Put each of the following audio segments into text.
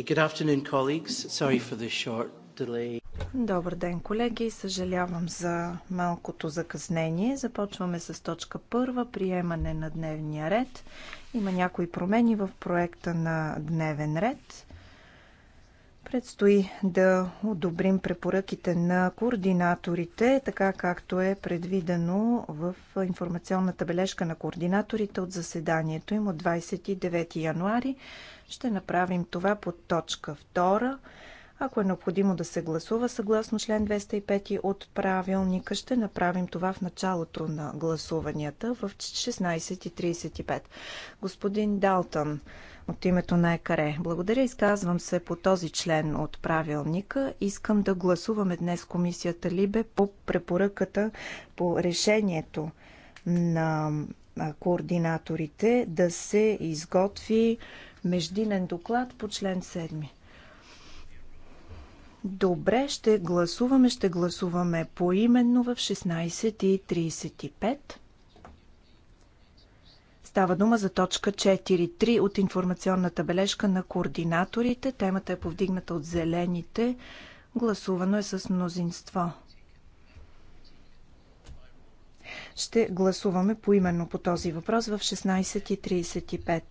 Okay, Добър ден, колеги. Съжалявам за малкото закъснение. Започваме с точка първа, приемане на дневния ред. Има някои промени в проекта на дневен ред. Предстои да одобрим препоръките на координаторите, така както е предвидено в информационната бележка на координаторите от заседанието им от 29 януари. Ще направим това под точка 2. Ако е необходимо да се гласува съгласно член 205 от правилника, ще направим това в началото на гласуванията в 16.35. Господин Далтън, от името на ЕКАРЕ. Благодаря, изказвам се по този член от правилника. Искам да гласуваме днес комисията Либе по препоръката по решението на координаторите да се изготви междинен доклад по член 7. Добре, ще гласуваме, ще гласуваме поименно в 16.35. Става дума за точка 4.3 от информационната бележка на координаторите. Темата е повдигната от зелените. Гласувано е с мнозинство. Ще гласуваме поименно по този въпрос в 16.35.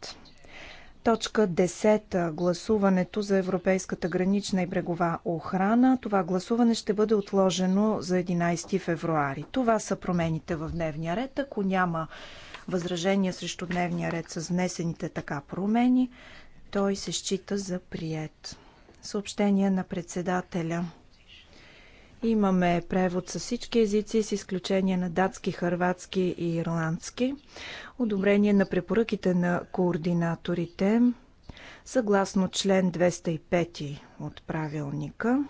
Точка 10. Гласуването за Европейската гранична и брегова охрана. Това гласуване ще бъде отложено за 11 февруари. Това са промените в дневния ред. Ако няма възражения срещу дневния ред с внесените така промени, той се счита за прият. Съобщение на председателя. Имаме превод с всички езици, с изключение на датски, хърватски и ирландски. Одобрение на препоръките на координаторите съгласно член 205 от правилника.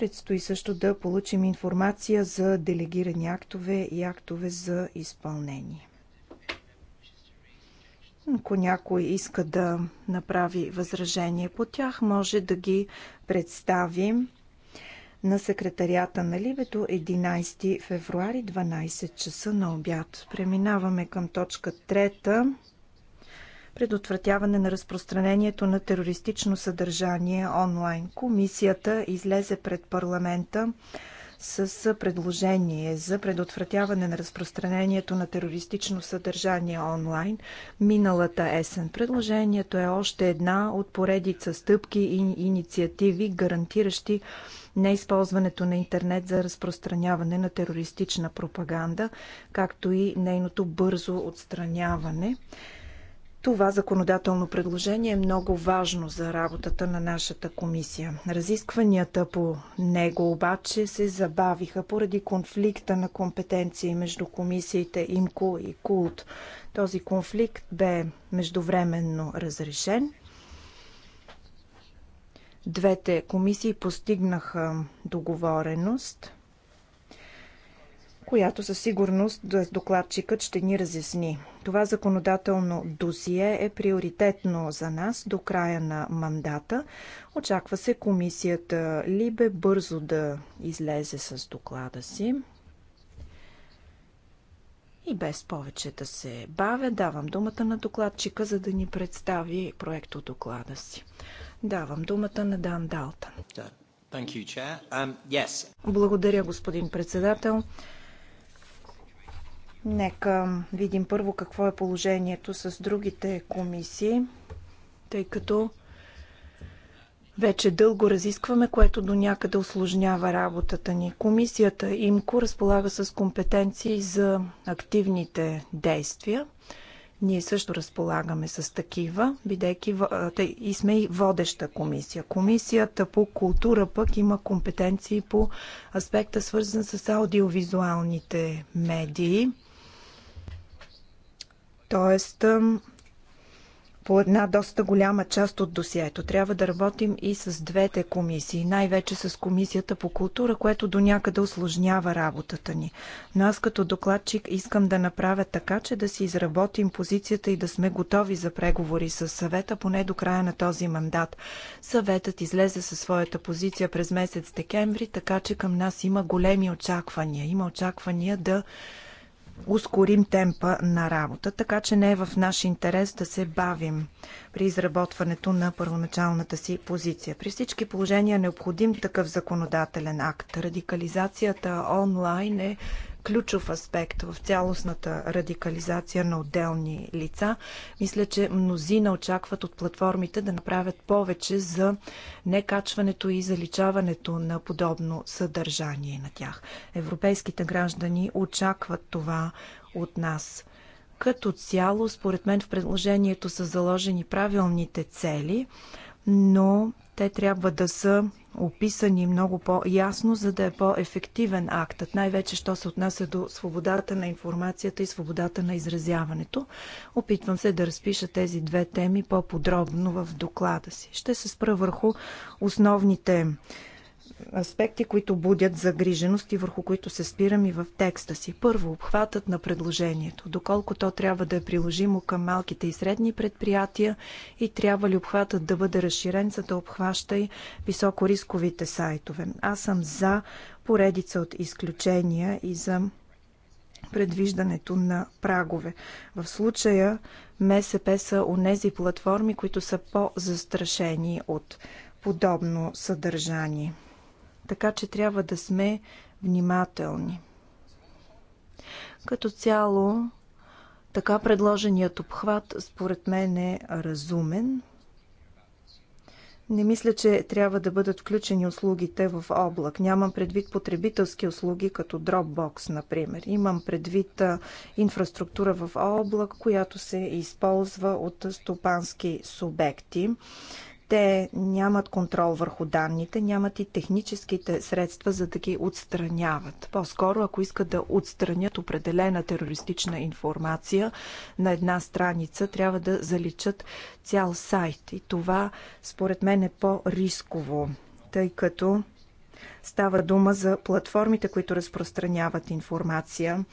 Предстои също да получим информация за делегирани актове и актове за изпълнение. Ако някой иска да направи възражение по тях, може да ги представим на секретарията на Либето 11 февруари 12 часа на обяд. Преминаваме към точка трета предотвратяване на разпространението на терористично съдържание онлайн. Комисията излезе пред парламента с предложение за предотвратяване на разпространението на терористично съдържание онлайн миналата есен. Предложението е още една от поредица стъпки и инициативи, гарантиращи неизползването на интернет за разпространяване на терористична пропаганда, както и нейното бързо отстраняване. Това законодателно предложение е много важно за работата на нашата комисия. Разискванията по него обаче се забавиха поради конфликта на компетенции между комисиите ИМКО и КУЛТ. Този конфликт бе междувременно разрешен. Двете комисии постигнаха договореност – която със сигурност докладчикът ще ни разясни. Това законодателно досие е приоритетно за нас до края на мандата. Очаква се комисията Либе бързо да излезе с доклада си. И без повече да се бавя, давам думата на докладчика, за да ни представи проекто доклада си. Давам думата на Дан Далтън. Um, Благодаря, господин председател. Нека видим първо какво е положението с другите комисии, тъй като вече дълго разискваме, което до някъде осложнява работата ни. Комисията ИМКО разполага с компетенции за активните действия. Ние също разполагаме с такива, бидейки и сме и водеща комисия. Комисията по култура пък има компетенции по аспекта свързан с аудиовизуалните медии. Тоест, по една доста голяма част от досието. Трябва да работим и с двете комисии, най-вече с комисията по култура, което до някъде осложнява работата ни. Но аз като докладчик искам да направя така, че да си изработим позицията и да сме готови за преговори с съвета, поне до края на този мандат. Съветът излезе със своята позиция през месец декември, така че към нас има големи очаквания. Има очаквания да ускорим темпа на работа, така че не е в наш интерес да се бавим при изработването на първоначалната си позиция. При всички положения е необходим такъв законодателен акт. Радикализацията онлайн е ключов аспект в цялостната радикализация на отделни лица. Мисля, че мнозина очакват от платформите да направят повече за некачването и заличаването на подобно съдържание на тях. Европейските граждани очакват това от нас. Като цяло, според мен в предложението са заложени правилните цели но те трябва да са описани много по-ясно, за да е по-ефективен актът, най-вече що се отнася до свободата на информацията и свободата на изразяването. Опитвам се да разпиша тези две теми по-подробно в доклада си. Ще се спра върху основните аспекти, които будят загриженост и върху които се спирам и в текста си. Първо, обхватът на предложението. Доколко то трябва да е приложимо към малките и средни предприятия и трябва ли обхватът да бъде разширен, за да обхваща и високорисковите сайтове. Аз съм за поредица от изключения и за предвиждането на прагове. В случая МСП са онези платформи, които са по-застрашени от подобно съдържание така че трябва да сме внимателни. Като цяло, така предложеният обхват според мен е разумен. Не мисля, че трябва да бъдат включени услугите в облак. Нямам предвид потребителски услуги, като Dropbox, например. Имам предвид инфраструктура в облак, която се използва от стопански субекти те нямат контрол върху данните, нямат и техническите средства за да ги отстраняват. По-скоро, ако искат да отстранят определена терористична информация на една страница, трябва да заличат цял сайт. И това, според мен, е по-рисково, тъй като става дума за платформите, които разпространяват информация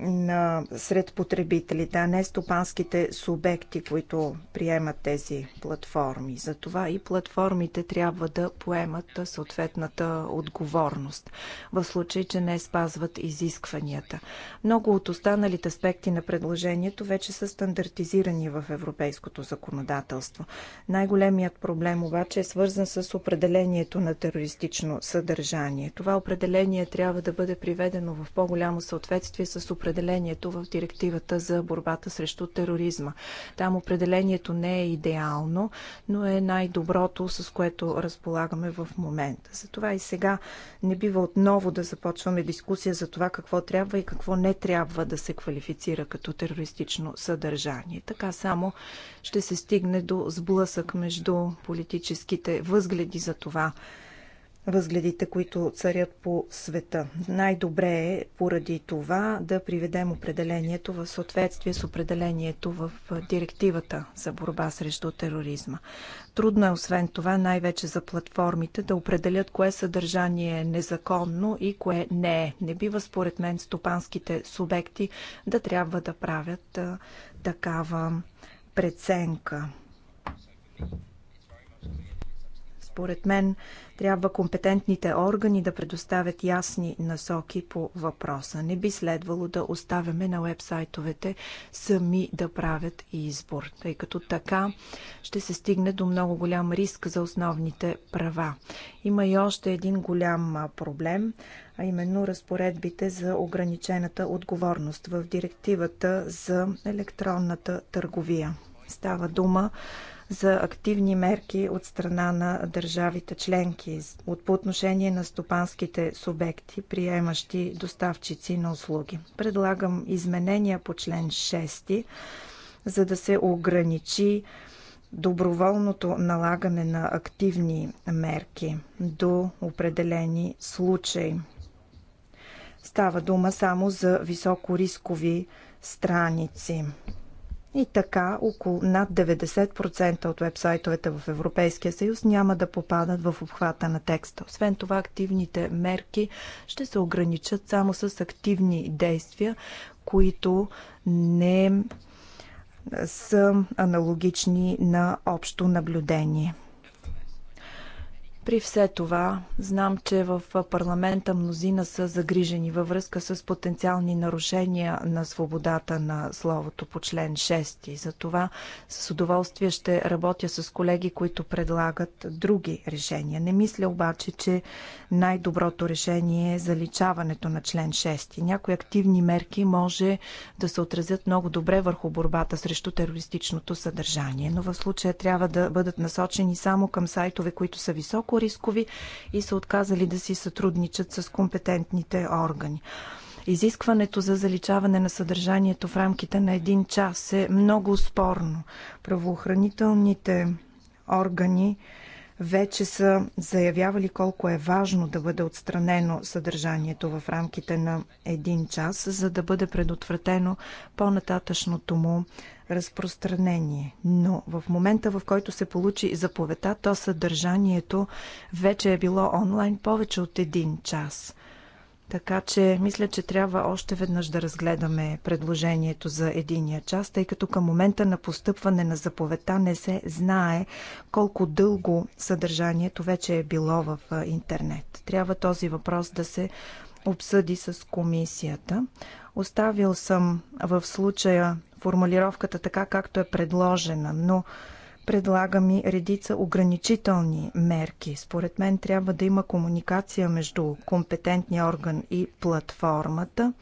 на, сред потребителите, а не стопанските субекти, които приемат тези платформи. Затова и платформите трябва да поемат съответната отговорност, в случай, че не спазват изискванията. Много от останалите аспекти на предложението вече са стандартизирани в европейското законодателство. Най-големият проблем обаче е свързан с определението на терористично съдържание. Това определение трябва да бъде приведено в по-голямо съответствие с определението определението в директивата за борбата срещу тероризма. Там определението не е идеално, но е най-доброто, с което разполагаме в момента. Затова и сега не бива отново да започваме дискусия за това какво трябва и какво не трябва да се квалифицира като терористично съдържание. Така само ще се стигне до сблъсък между политическите възгледи за това възгледите, които царят по света. Най-добре е поради това да приведем определението в съответствие с определението в директивата за борба срещу тероризма. Трудно е освен това най-вече за платформите да определят кое съдържание е незаконно и кое не е. Не бива според мен стопанските субекти да трябва да правят а, такава преценка. Според мен трябва компетентните органи да предоставят ясни насоки по въпроса. Не би следвало да оставяме на вебсайтовете сами да правят избор, тъй като така ще се стигне до много голям риск за основните права. Има и още един голям проблем, а именно разпоредбите за ограничената отговорност в директивата за електронната търговия. Става дума за активни мерки от страна на държавите членки от по отношение на стопанските субекти, приемащи доставчици на услуги. Предлагам изменения по член 6, за да се ограничи доброволното налагане на активни мерки до определени случаи. Става дума само за високорискови страници. И така около над 90% от вебсайтовете в Европейския съюз няма да попадат в обхвата на текста. Освен това, активните мерки ще се ограничат само с активни действия, които не са аналогични на общо наблюдение. При все това, знам, че в парламента мнозина са загрижени във връзка с потенциални нарушения на свободата на словото по член 6. Затова с удоволствие ще работя с колеги, които предлагат други решения. Не мисля обаче, че най-доброто решение е заличаването на член 6. Някои активни мерки може да се отразят много добре върху борбата срещу терористичното съдържание, но в случая трябва да бъдат насочени само към сайтове, които са високо Рискови и са отказали да си сътрудничат с компетентните органи. Изискването за заличаване на съдържанието в рамките на един час е много спорно. Правоохранителните органи вече са заявявали колко е важно да бъде отстранено съдържанието в рамките на един час, за да бъде предотвратено по-нататъчното му разпространение. Но в момента, в който се получи заповедта, то съдържанието вече е било онлайн повече от един час. Така че мисля, че трябва още веднъж да разгледаме предложението за единия час, тъй като към момента на постъпване на заповедта не се знае колко дълго съдържанието вече е било в интернет. Трябва този въпрос да се обсъди с комисията. Оставил съм в случая формулировката така, както е предложена, но предлагам и редица ограничителни мерки. Според мен трябва да има комуникация между компетентния орган и платформата.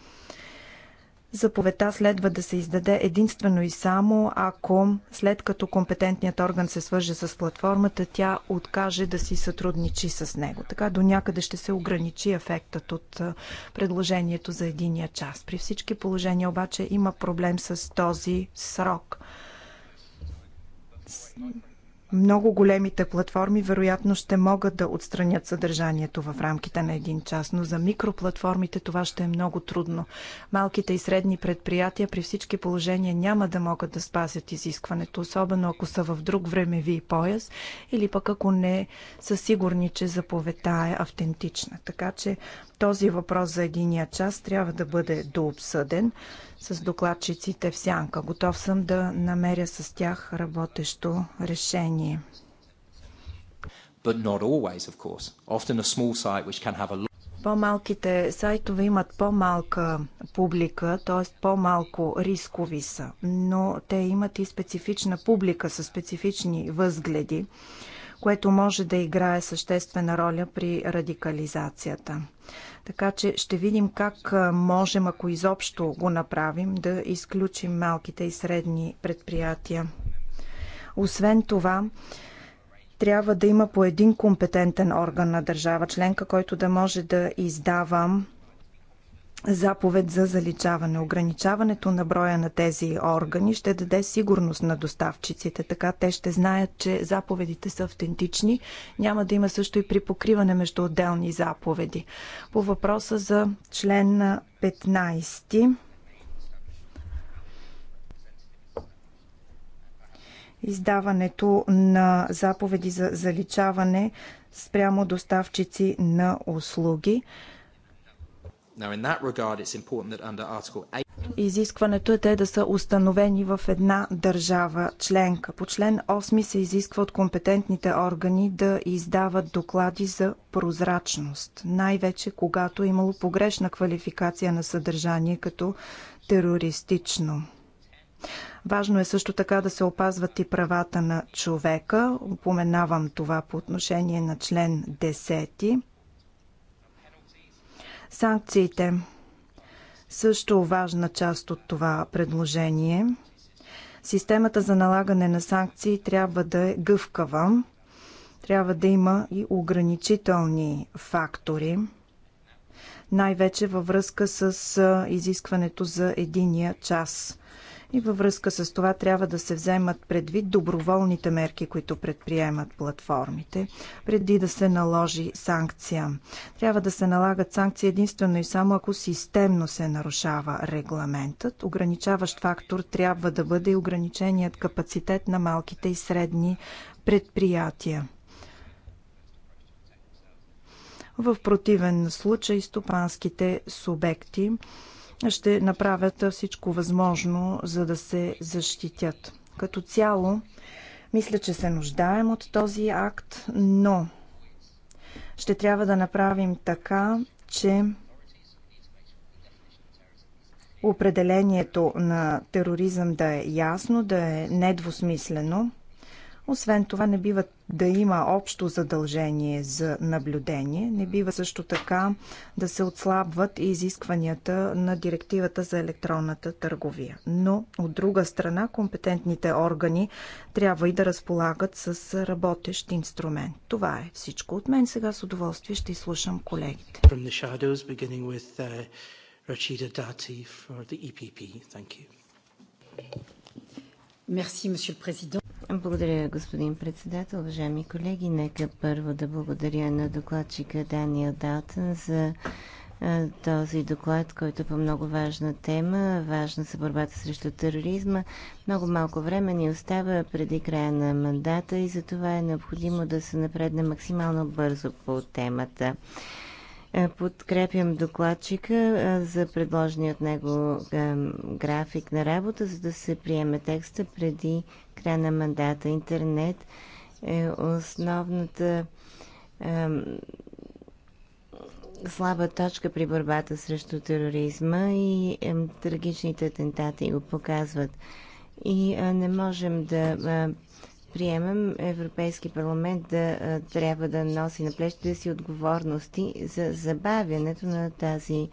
Заповедта следва да се издаде единствено и само ако след като компетентният орган се свърже с платформата, тя откаже да си сътрудничи с него. Така до някъде ще се ограничи ефектът от предложението за единия час. При всички положения обаче има проблем с този срок – много големите платформи вероятно ще могат да отстранят съдържанието в рамките на един час, но за микроплатформите това ще е много трудно. Малките и средни предприятия при всички положения няма да могат да спасят изискването, особено ако са в друг времеви пояс или пък ако не са сигурни, че заповедта е автентична. Така че този въпрос за единия час трябва да бъде дообсъден с докладчиците в сянка. Готов съм да намеря с тях работещо решение. По-малките сайтове имат по-малка публика, т.е. по-малко рискови са, но те имат и специфична публика със специфични възгледи, което може да играе съществена роля при радикализацията. Така че ще видим как можем, ако изобщо го направим, да изключим малките и средни предприятия. Освен това, трябва да има по един компетентен орган на държава членка, който да може да издава заповед за заличаване. Ограничаването на броя на тези органи ще даде сигурност на доставчиците, така те ще знаят, че заповедите са автентични. Няма да има също и припокриване между отделни заповеди. По въпроса за член 15. Издаването на заповеди за заличаване спрямо доставчици на услуги. Изискването е те да са установени в една държава членка. По член 8 се изисква от компетентните органи да издават доклади за прозрачност, най-вече когато е имало погрешна квалификация на съдържание като терористично. Важно е също така да се опазват и правата на човека. Упоменавам това по отношение на член 10. Санкциите също важна част от това предложение. Системата за налагане на санкции трябва да е гъвкава, трябва да има и ограничителни фактори, най-вече във връзка с изискването за единия час. И във връзка с това трябва да се вземат предвид доброволните мерки, които предприемат платформите, преди да се наложи санкция. Трябва да се налагат санкции единствено и само ако системно се нарушава регламентът. Ограничаващ фактор трябва да бъде и ограниченият капацитет на малките и средни предприятия. В противен случай стопанските субекти ще направят всичко възможно, за да се защитят. Като цяло, мисля, че се нуждаем от този акт, но ще трябва да направим така, че определението на тероризъм да е ясно, да е недвусмислено освен това, не бива да има общо задължение за наблюдение. Не бива също така да се отслабват и изискванията на директивата за електронната търговия. Но, от друга страна, компетентните органи трябва и да разполагат с работещ инструмент. Това е всичко от мен. Сега с удоволствие ще изслушам колегите. Uh, e Merci, Monsieur le Président. Благодаря, господин председател. Уважаеми колеги, нека първо да благодаря на докладчика Дания Далтън за този доклад, който е по много важна тема, важна за борбата срещу тероризма. Много малко време ни остава преди края на мандата и за това е необходимо да се напредне максимално бързо по темата. Е, подкрепям докладчика е, за предложения от него е, график на работа, за да се приеме текста преди края на мандата. Интернет е основната слаба точка при борбата срещу тероризма и трагичните атентати го показват. И не можем да приемем Европейски парламент да трябва да носи на плещите си отговорности за забавянето на тази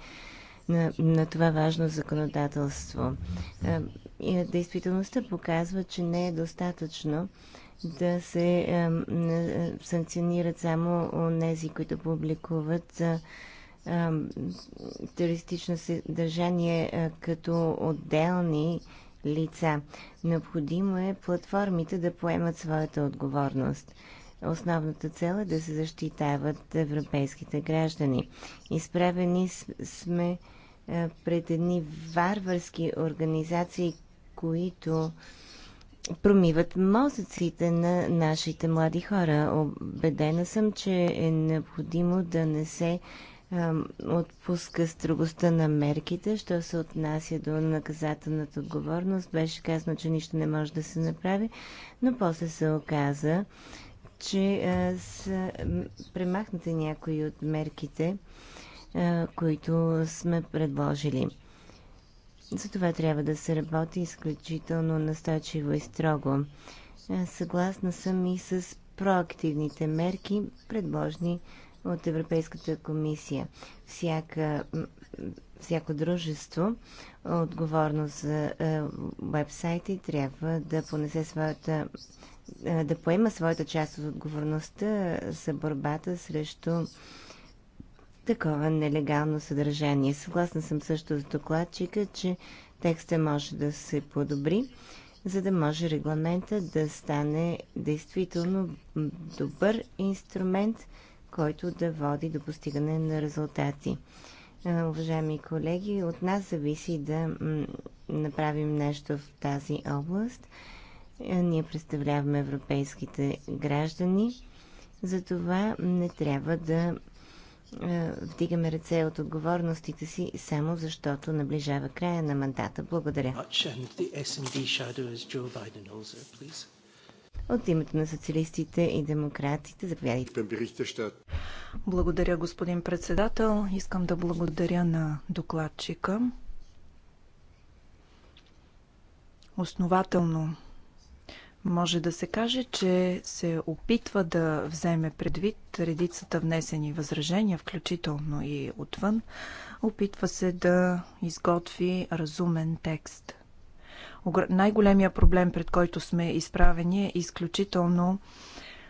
на, на това важно законодателство. Действителността показва, че не е достатъчно да се санкционират само тези, които публикуват терористично съдържание като отделни лица. Необходимо е платформите да поемат своята отговорност. Основната цел е да се защитават европейските граждани. Изправени сме е, пред едни варварски организации, които промиват мозъците на нашите млади хора. Обедена съм, че е необходимо да не се отпуска строгостта на мерките, що се отнася до наказателната отговорност. Беше казано, че нищо не може да се направи, но после се оказа, че са премахнати някои от мерките, които сме предложили. За това трябва да се работи изключително настойчиво и строго. съгласна съм и с проактивните мерки, предложени от Европейската комисия. Всяка, всяко дружество, отговорно за вебсайти, е, трябва да понесе своята е, да поема своята част от отговорността за борбата срещу такова нелегално съдържание. Съгласна съм също с докладчика, че текста може да се подобри, за да може регламента да стане действително добър инструмент – който да води до постигане на резултати. Уважаеми колеги, от нас зависи да направим нещо в тази област. Ние представляваме европейските граждани, затова не трябва да вдигаме ръце от отговорностите си, само защото наближава края на мандата. Благодаря. От името на социалистите и демократите, заповядайте. Благодаря, господин председател. Искам да благодаря на докладчика. Основателно може да се каже, че се опитва да вземе предвид редицата внесени възражения, включително и отвън. Опитва се да изготви разумен текст най-големия проблем, пред който сме изправени, е изключително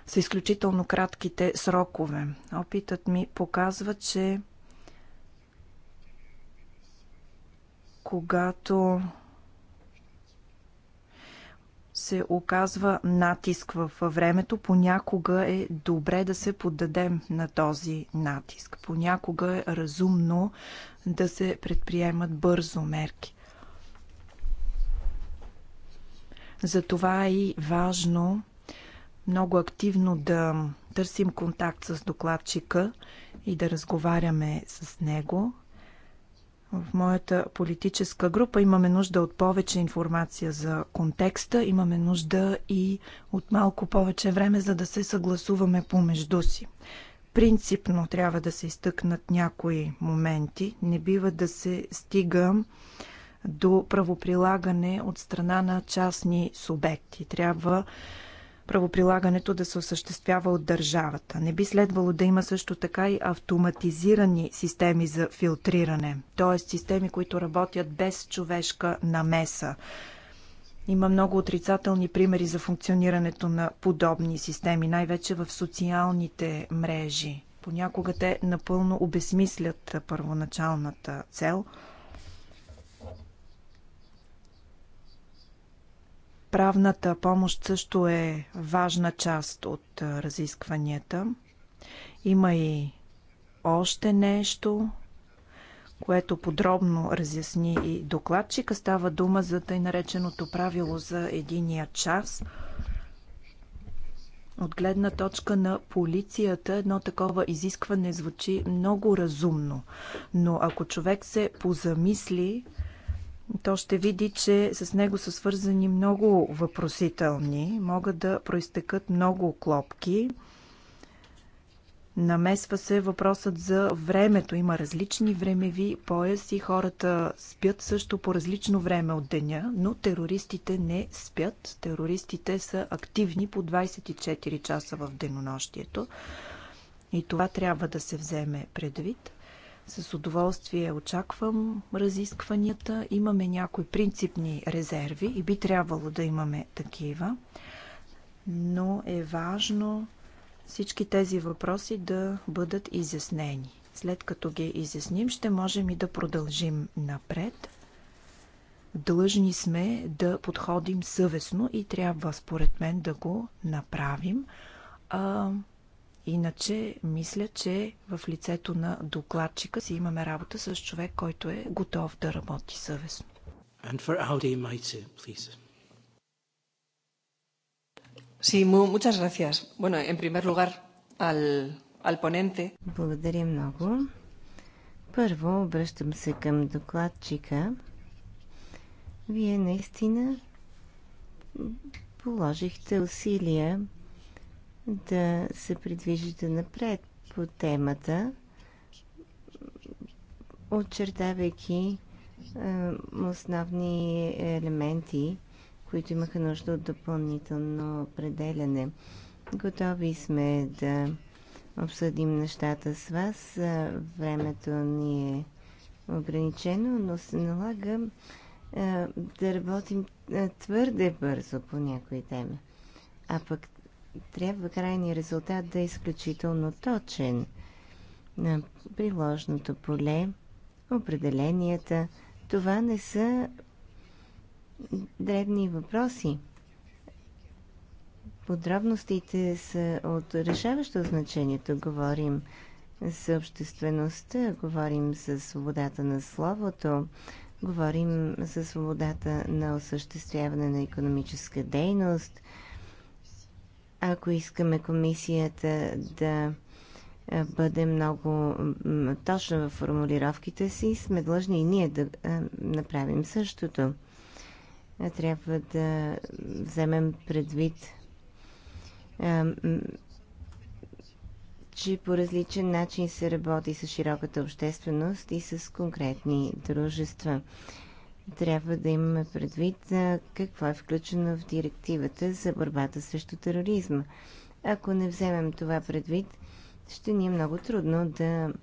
са изключително кратките срокове. Опитът ми показва, че когато се оказва натиск във времето, понякога е добре да се поддадем на този натиск. Понякога е разумно да се предприемат бързо мерки. Затова е и важно много активно да търсим контакт с докладчика и да разговаряме с него. В моята политическа група имаме нужда от повече информация за контекста, имаме нужда и от малко повече време, за да се съгласуваме помежду си. Принципно трябва да се изтъкнат някои моменти. Не бива да се стига до правоприлагане от страна на частни субекти. Трябва правоприлагането да се осъществява от държавата. Не би следвало да има също така и автоматизирани системи за филтриране, т.е. системи, които работят без човешка намеса. Има много отрицателни примери за функционирането на подобни системи, най-вече в социалните мрежи. Понякога те напълно обесмислят първоначалната цел – Правната помощ също е важна част от разискванията. Има и още нещо, което подробно разясни и докладчика. Става дума за тъй нареченото правило за единия час. От гледна точка на полицията, едно такова изискване звучи много разумно. Но ако човек се позамисли, то ще види, че с него са свързани много въпросителни, могат да проистекат много клопки. Намесва се въпросът за времето. Има различни времеви пояси. Хората спят също по различно време от деня, но терористите не спят. Терористите са активни по 24 часа в денонощието. И това трябва да се вземе предвид. С удоволствие очаквам разискванията. Имаме някои принципни резерви и би трябвало да имаме такива, но е важно всички тези въпроси да бъдат изяснени. След като ги изясним, ще можем и да продължим напред. Длъжни сме да подходим съвестно и трябва, според мен, да го направим. А, Иначе, мисля, че в лицето на докладчика си имаме работа с човек, който е готов да работи съвестно. And for Audi Maite, please. Sí, muchas gracias. Bueno, en primer lugar, al, al ponente. Благодаря много. Първо, обръщам се към докладчика. Вие наистина положихте усилия да се придвижите напред по темата, очертавайки е, основни елементи, които имаха нужда от допълнително определяне. Готови сме да обсъдим нещата с вас. Времето ни е ограничено, но се налага е, да работим твърде бързо по някои теми. А пък трябва крайният резултат да е изключително точен на приложното поле, определенията. Това не са дребни въпроси. Подробностите са от решаващо значение. говорим за обществеността, говорим за свободата на словото, говорим за свободата на осъществяване на економическа дейност, ако искаме комисията да бъде много точна в формулировките си, сме длъжни и ние да направим същото. Трябва да вземем предвид, че по различен начин се работи с широката общественост и с конкретни дружества трябва да имаме предвид какво е включено в директивата за борбата срещу тероризма. Ако не вземем това предвид, ще ни е много трудно да,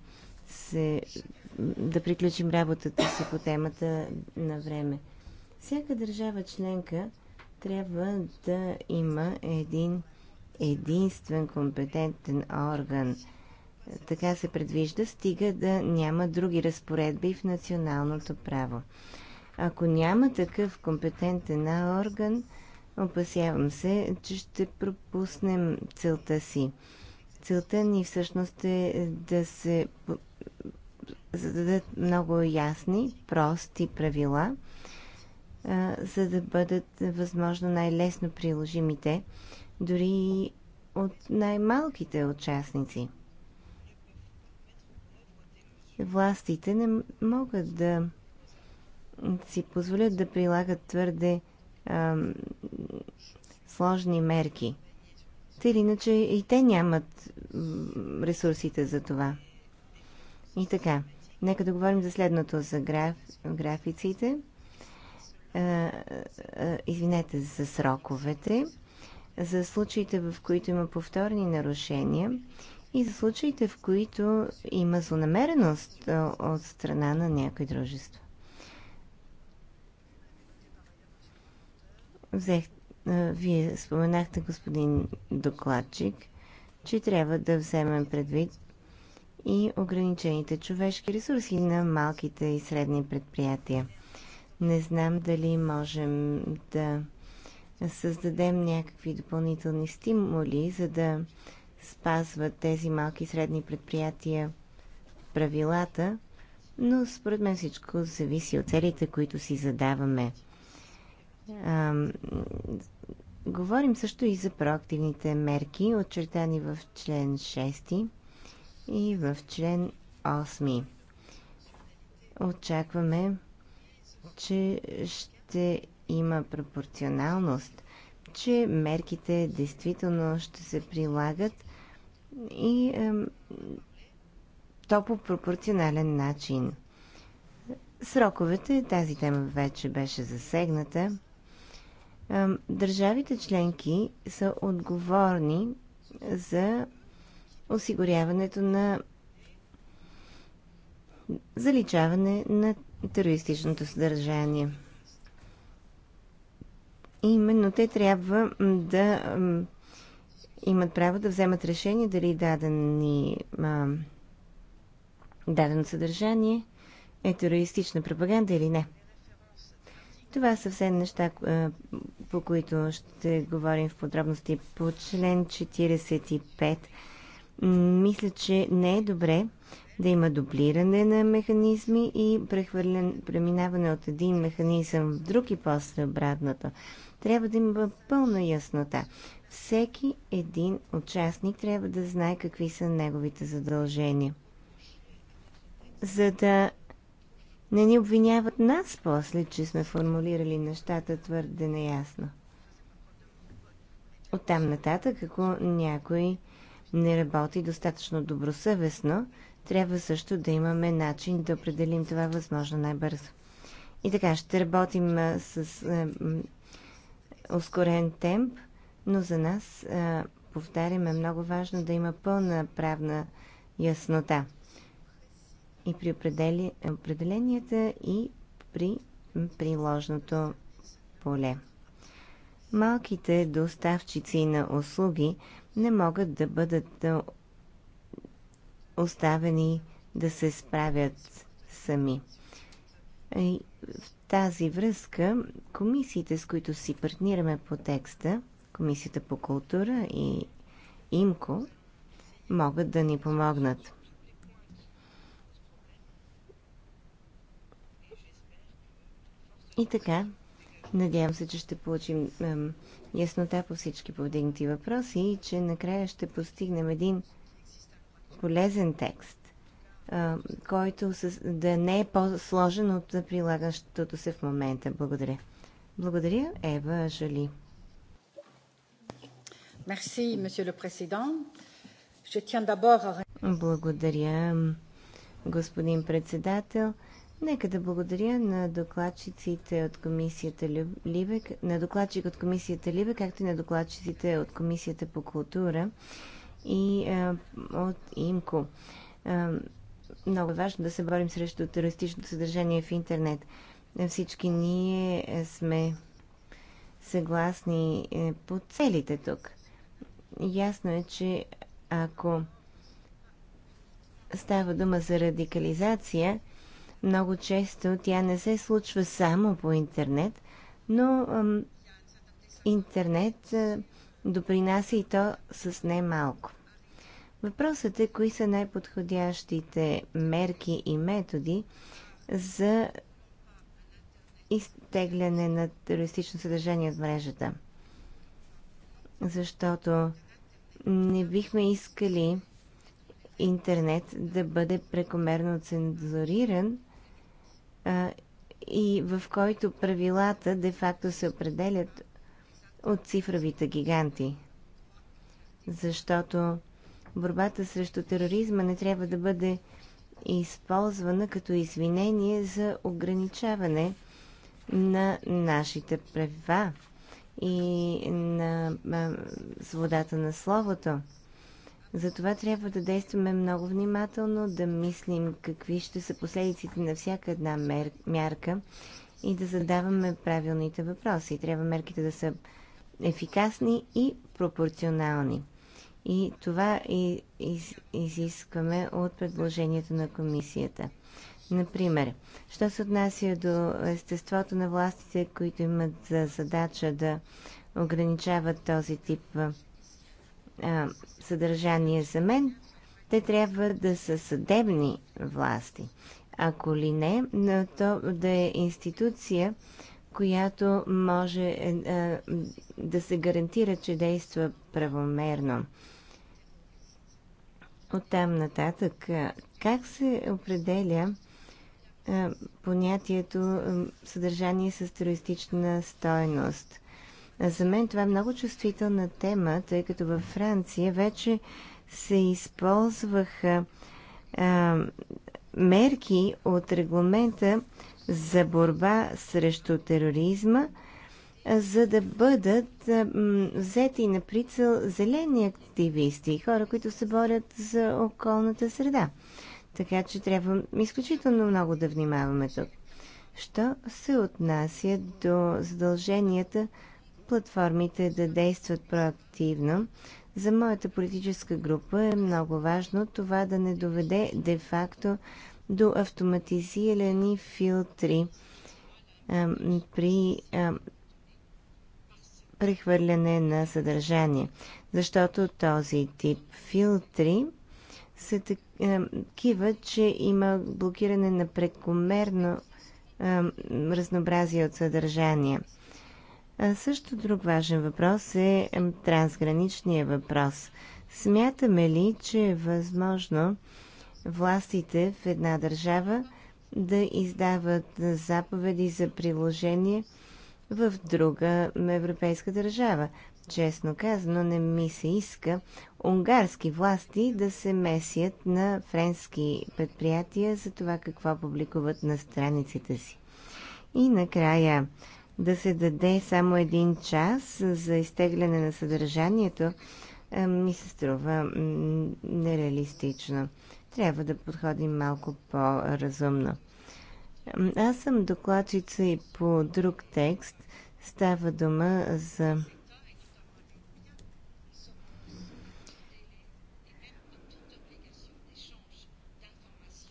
се, да приключим работата си по темата на време. Всяка държава членка трябва да има един единствен компетентен орган. Така се предвижда, стига да няма други разпоредби в националното право. Ако няма такъв компетентен орган, опасявам се, че ще пропуснем целта си. Целта ни всъщност е да се зададат много ясни, прости правила, за да бъдат възможно най-лесно приложимите, дори от най-малките участници. Властите не могат да си позволят да прилагат твърде а, сложни мерки. Те или иначе и те нямат ресурсите за това. И така, нека да говорим за следното, за граф, графиците. А, а, извинете, за сроковете, за случаите, в които има повторни нарушения и за случаите, в които има злонамереност от страна на някои дружества. взех, вие споменахте, господин докладчик, че трябва да вземем предвид и ограничените човешки ресурси на малките и средни предприятия. Не знам дали можем да създадем някакви допълнителни стимули, за да спазват тези малки и средни предприятия правилата, но според мен всичко зависи от целите, които си задаваме. Ам, говорим също и за проактивните мерки, очертани в член 6 и в член 8. Очакваме, че ще има пропорционалност, че мерките действително ще се прилагат и ем, то по пропорционален начин. Сроковете, тази тема вече беше засегната държавите членки са отговорни за осигуряването на заличаване на терористичното съдържание. И именно те трябва да имат право да вземат решение дали дадени, а, дадено съдържание е терористична пропаганда или не. Това са все неща, е, по които ще говорим в подробности по член 45. Мисля, че не е добре да има дублиране на механизми и преминаване от един механизъм в друг и после обратното. Трябва да има пълна яснота. Всеки един участник трябва да знае какви са неговите задължения. За да не ни обвиняват нас после, че сме формулирали нещата твърде неясно. Оттам нататък, ако някой не работи достатъчно добросъвестно, трябва също да имаме начин да определим това възможно най-бързо. И така, ще работим с е, ускорен темп, но за нас, е, повтаряме, много важно да има пълна правна яснота и при определи... определенията и при приложното поле. Малките доставчици на услуги не могат да бъдат оставени да се справят сами. И в тази връзка комисиите, с които си партнираме по текста, Комисията по култура и ИМКО, могат да ни помогнат. И така, надявам се, че ще получим ем, яснота по всички повдигнати въпроси и че накрая ще постигнем един полезен текст, ем, който с, да не е по-сложен от прилагащото се в момента. Благодаря. Благодаря, Ева Жали. Merci, monsieur le président. Je tiens d'abord à... Благодаря, господин председател. Нека да благодаря на докладчиците от комисията Либе, на докладчик от комисията Либе, както и на докладчиците от комисията по култура и а, е, от ИМКО. А, е, много е важно да се борим срещу терористичното съдържание в интернет. Всички ние е, сме съгласни по целите тук. Ясно е, че ако става дума за радикализация, много често тя не се случва само по интернет, но ам, интернет а, допринася и то с най-малко. Въпросът е кои са най-подходящите мерки и методи за изтегляне на терористично съдържание от мрежата. Защото не бихме искали интернет да бъде прекомерно цензуриран и в който правилата де-факто се определят от цифровите гиганти. Защото борбата срещу тероризма не трябва да бъде използвана като извинение за ограничаване на нашите права и на свободата на словото. Затова трябва да действаме много внимателно, да мислим какви ще са последиците на всяка една мер... мярка и да задаваме правилните въпроси. Трябва мерките да са ефикасни и пропорционални. И това и, из, изискваме от предложението на комисията. Например, що се отнася до естеството на властите, които имат за задача да ограничават този тип а, съдържание за мен, те трябва да са съдебни власти. Ако ли не, то да е институция, която може а, е, е, да се гарантира, че действа правомерно. От там нататък, как се определя а, понятието съдържание с туристична стойност? За мен това е много чувствителна тема, тъй като във Франция вече се използваха а, мерки от регламента за борба срещу тероризма, за да бъдат взети на прицел зелени активисти, и хора, които се борят за околната среда. Така че трябва изключително много да внимаваме тук. Що се отнася до задълженията платформите да действат проактивно. За моята политическа група е много важно това да не доведе де-факто до автоматизирани филтри а, при а, прехвърляне на съдържание. Защото този тип филтри са такива, че има блокиране на прекомерно а, разнообразие от съдържание също друг важен въпрос е трансграничния въпрос. Смятаме ли, че е възможно властите в една държава да издават заповеди за приложение в друга европейска държава? Честно казано, не ми се иска унгарски власти да се месят на френски предприятия за това какво публикуват на страниците си. И накрая, да се даде само един час за изтегляне на съдържанието, ми се струва нереалистично. Трябва да подходим малко по-разумно. Аз съм докладчица и по друг текст. Става дума за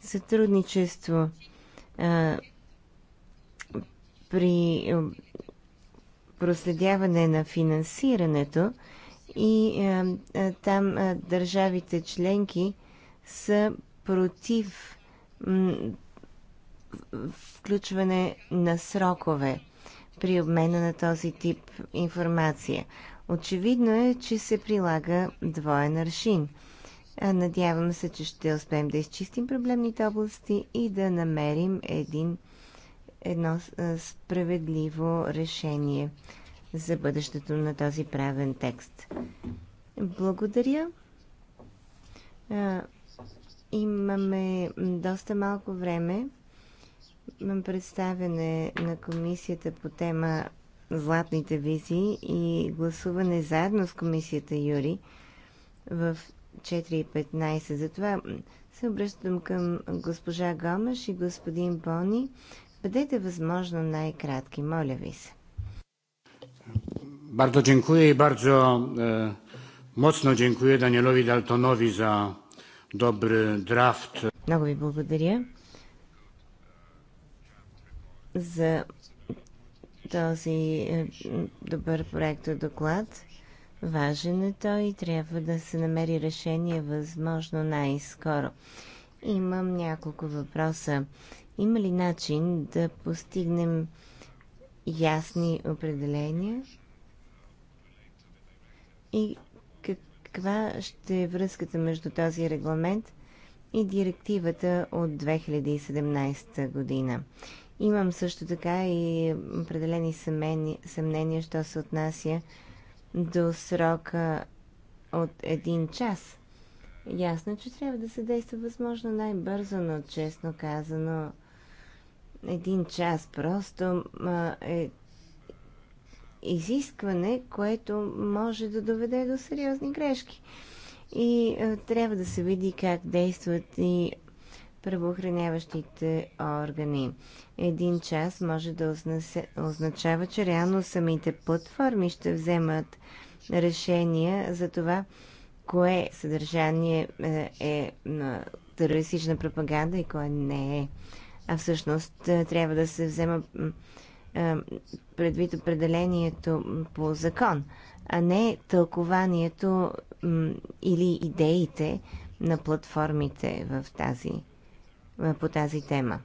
сътрудничество при е, проследяване на финансирането и е, е, там държавите членки са против включване на срокове при обмена на този тип информация. Очевидно е, че се прилага двоен аршин. Надявам се, че ще успеем да изчистим проблемните области и да намерим един едно справедливо решение за бъдещето на този правен текст. Благодаря. Имаме доста малко време. Имам представяне на комисията по тема Златните визии и гласуване заедно с комисията Юри в 4.15. Затова се обръщам към госпожа Гомеш и господин Бони бъдете възможно най-кратки, моля ви се. Бардо dziękuję и бардо e, mocno Даниелови Далтонови за добър драфт. Много ви благодаря за този е, добър проект доклад. Важен е той и трябва да се намери решение възможно най-скоро. Имам няколко въпроса. Има ли начин да постигнем ясни определения? И каква ще е връзката между този регламент и директивата от 2017 година? Имам също така и определени съмнения, що се отнася до срока от един час. Ясно, че трябва да се действа възможно най-бързо, но честно казано един час просто а, е изискване, което може да доведе до сериозни грешки. И а, трябва да се види как действат и правоохраняващите органи. Един час може да означава, че реално самите платформи ще вземат решения за това, кое съдържание е, е терористична пропаганда и кое не е а всъщност е, трябва да се взема е, предвид определението по закон, а не тълкованието или идеите на платформите в тази, е, по тази тема.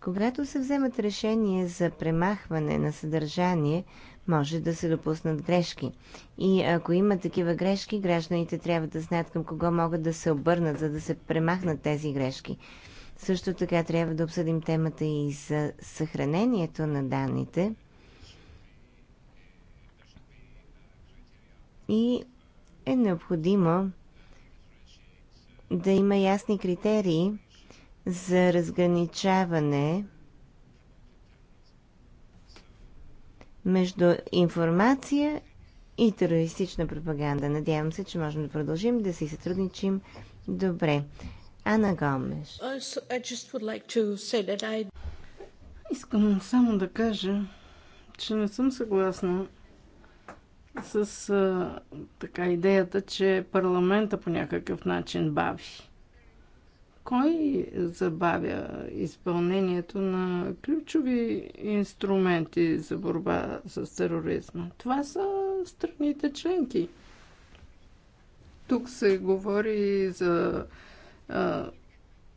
Когато се вземат решения за премахване на съдържание, може да се допуснат грешки. И ако има такива грешки, гражданите трябва да знаят към кого могат да се обърнат, за да се премахнат тези грешки. Също така трябва да обсъдим темата и за съхранението на данните и е необходимо да има ясни критерии за разграничаване между информация и терористична пропаганда. Надявам се, че можем да продължим да си сътрудничим добре. Ана Гомеш. Искам само да кажа, че не съм съгласна с а, така идеята, че парламента по някакъв начин бави. Кой забавя изпълнението на ключови инструменти за борба с тероризма? Това са страните членки. Тук се говори за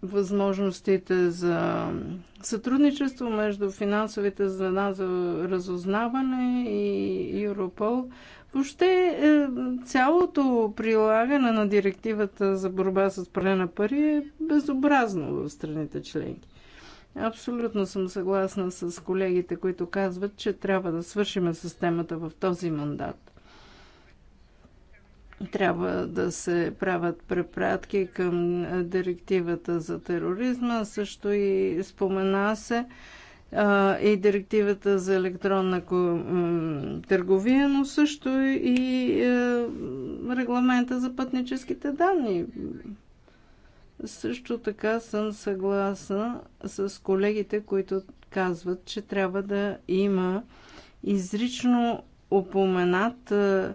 възможностите за сътрудничество между финансовите звена за разузнаване и Европол. Въобще е, цялото прилагане на директивата за борба с пране на пари е безобразно в страните членки. Абсолютно съм съгласна с колегите, които казват, че трябва да свършим системата в този мандат трябва да се правят препратки към директивата за тероризма, също и спомена се а, и директивата за електронна търговия, но също и а, е, регламента за пътническите данни. Също така съм съгласна с колегите, които казват, че трябва да има изрично упоменат а, е,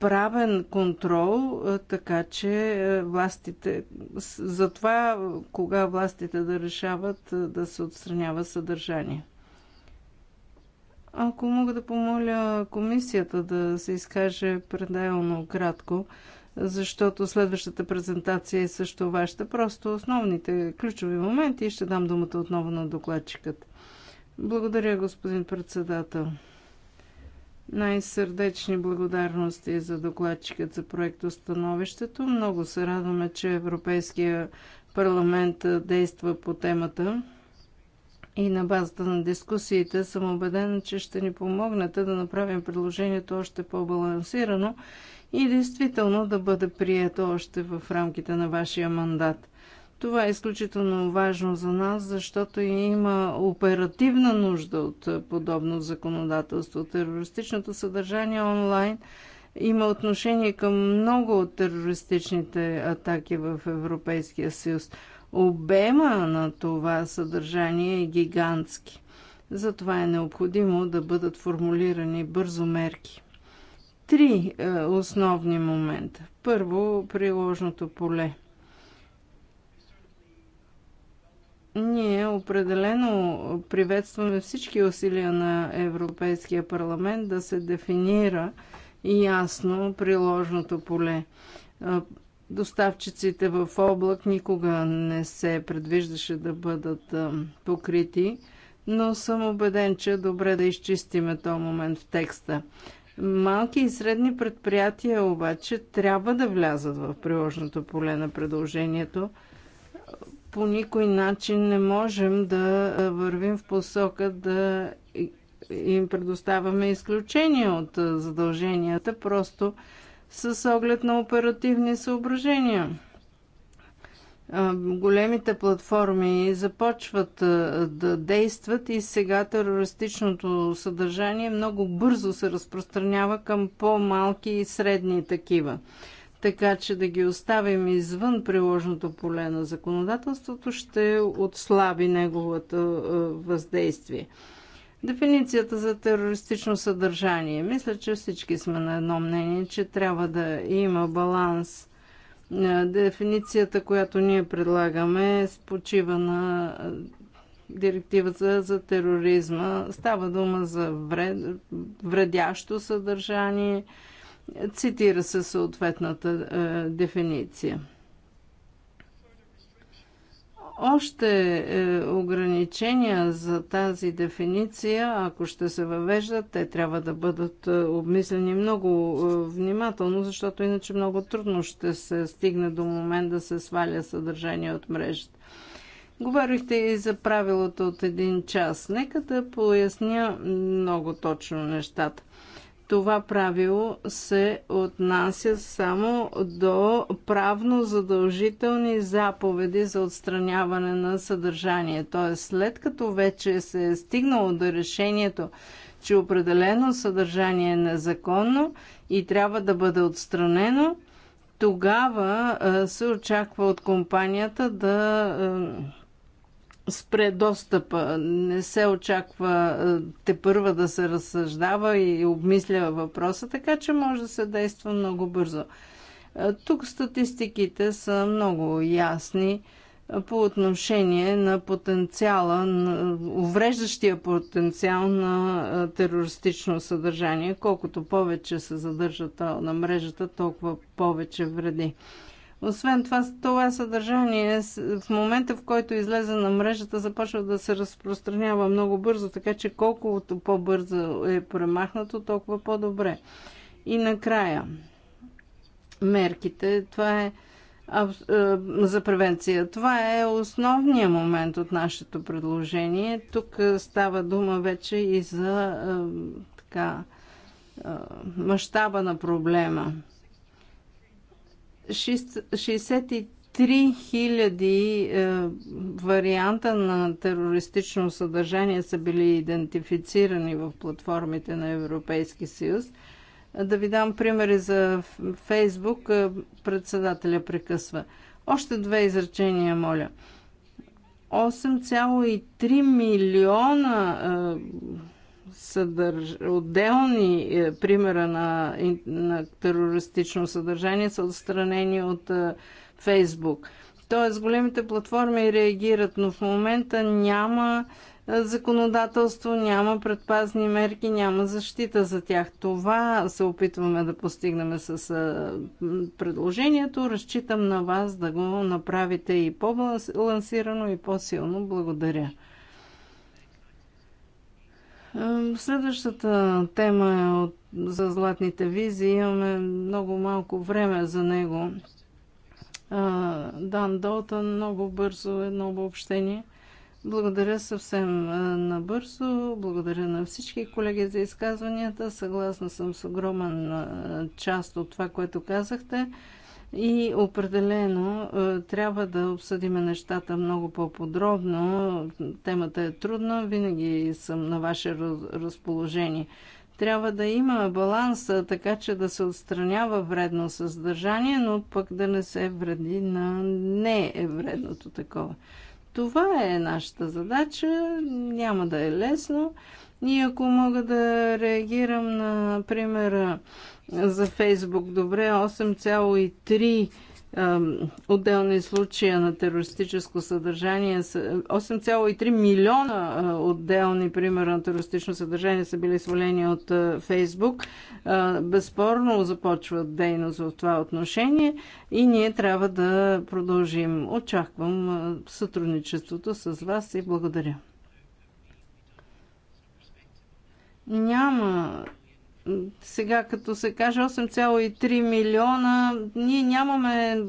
правен контрол, така че властите, за това кога властите да решават да се отстранява съдържание. Ако мога да помоля комисията да се изкаже пределно кратко, защото следващата презентация е също вашата, просто основните ключови моменти ще дам думата отново на докладчикът. Благодаря, господин председател. Най-сърдечни благодарности за докладчикът за проектостановището. Много се радваме, че Европейския парламент действа по темата и на базата на дискусиите съм убедена, че ще ни помогнете да направим предложението още по-балансирано и действително да бъде прието още в рамките на вашия мандат. Това е изключително важно за нас, защото има оперативна нужда от е, подобно законодателство. Терористичното съдържание онлайн има отношение към много от терористичните атаки в Европейския съюз. Обема на това съдържание е гигантски. Затова е необходимо да бъдат формулирани бързо мерки. Три е, основни момента. Първо, приложното поле – Ние определено приветстваме всички усилия на Европейския парламент да се дефинира ясно приложното поле. Доставчиците в облак никога не се предвиждаше да бъдат покрити, но съм убеден, че е добре да изчистиме този момент в текста. Малки и средни предприятия обаче трябва да влязат в приложното поле на предложението по никой начин не можем да вървим в посока да им предоставяме изключения от задълженията, просто с оглед на оперативни съображения. Големите платформи започват да действат и сега терористичното съдържание много бързо се разпространява към по-малки и средни такива така че да ги оставим извън приложното поле на законодателството, ще отслаби неговото е, въздействие. Дефиницията за терористично съдържание. Мисля, че всички сме на едно мнение, че трябва да има баланс. Е, дефиницията, която ние предлагаме, спочива на е, директивата за тероризма. Става дума за вред, вредящо съдържание – Цитира се съответната е, дефиниция още е, ограничения за тази дефиниция, ако ще се въвеждат, те трябва да бъдат е, обмислени много внимателно, защото иначе много трудно ще се стигне до момент да се сваля съдържание от мрежата. Говорихте и за правилото от един час. Нека да поясня много точно нещата това правило се отнася само до правно задължителни заповеди за отстраняване на съдържание. Т.е. след като вече се е стигнало до решението, че определено съдържание е незаконно и трябва да бъде отстранено, тогава се очаква от компанията да спре достъпа. Не се очаква е, те първа да се разсъждава и обмисля въпроса, така че може да се действа много бързо. Е, тук статистиките са много ясни е, по отношение на потенциала, на увреждащия потенциал на терористично съдържание. Колкото повече се задържа на мрежата, толкова повече вреди. Освен това, това съдържание е в момента, в който излезе на мрежата, започва да се разпространява много бързо, така че колкото по-бързо е премахнато, толкова по-добре. И накрая, мерките, това е, е за превенция. Това е основният момент от нашето предложение. Тук е, става дума вече и за така, мащаба на проблема. 63 хиляди е, варианта на терористично съдържание са били идентифицирани в платформите на Европейски съюз. Да ви дам примери за Фейсбук. Е, председателя прекъсва. Още две изречения, моля. 8,3 милиона е, съдърж... отделни е, примера на, на терористично съдържание са отстранени от е, Фейсбук. Тоест големите платформи реагират, но в момента няма е, законодателство, няма предпазни мерки, няма защита за тях. Това се опитваме да постигнем с е, предложението. Разчитам на вас да го направите и по-балансирано, и по-силно. Благодаря. Е, следващата тема е от, за златните визи. Имаме много малко време за него. Е, Дан Долтън, много бързо едно обобщение. Благодаря съвсем е, набързо. Благодаря на всички колеги за изказванията. Съгласна съм с огромен част от това, което казахте. И определено е, трябва да обсъдим нещата много по-подробно. Темата е трудна, винаги съм на ваше разположение. Трябва да има баланс, е, така че да се отстранява вредно съдържание, но пък да не се вреди на не е вредното такова. Това е нашата задача, няма да е лесно. И ако мога да реагирам на примера за Фейсбук добре, 8,3 отделни случая на терористическо съдържание. 8,3 милиона отделни, примерно, терористично съдържание са били свалени от Фейсбук. Безспорно започват дейност в това отношение и ние трябва да продължим. Очаквам сътрудничеството с вас и благодаря. Няма сега като се каже 8,3 милиона, ние нямаме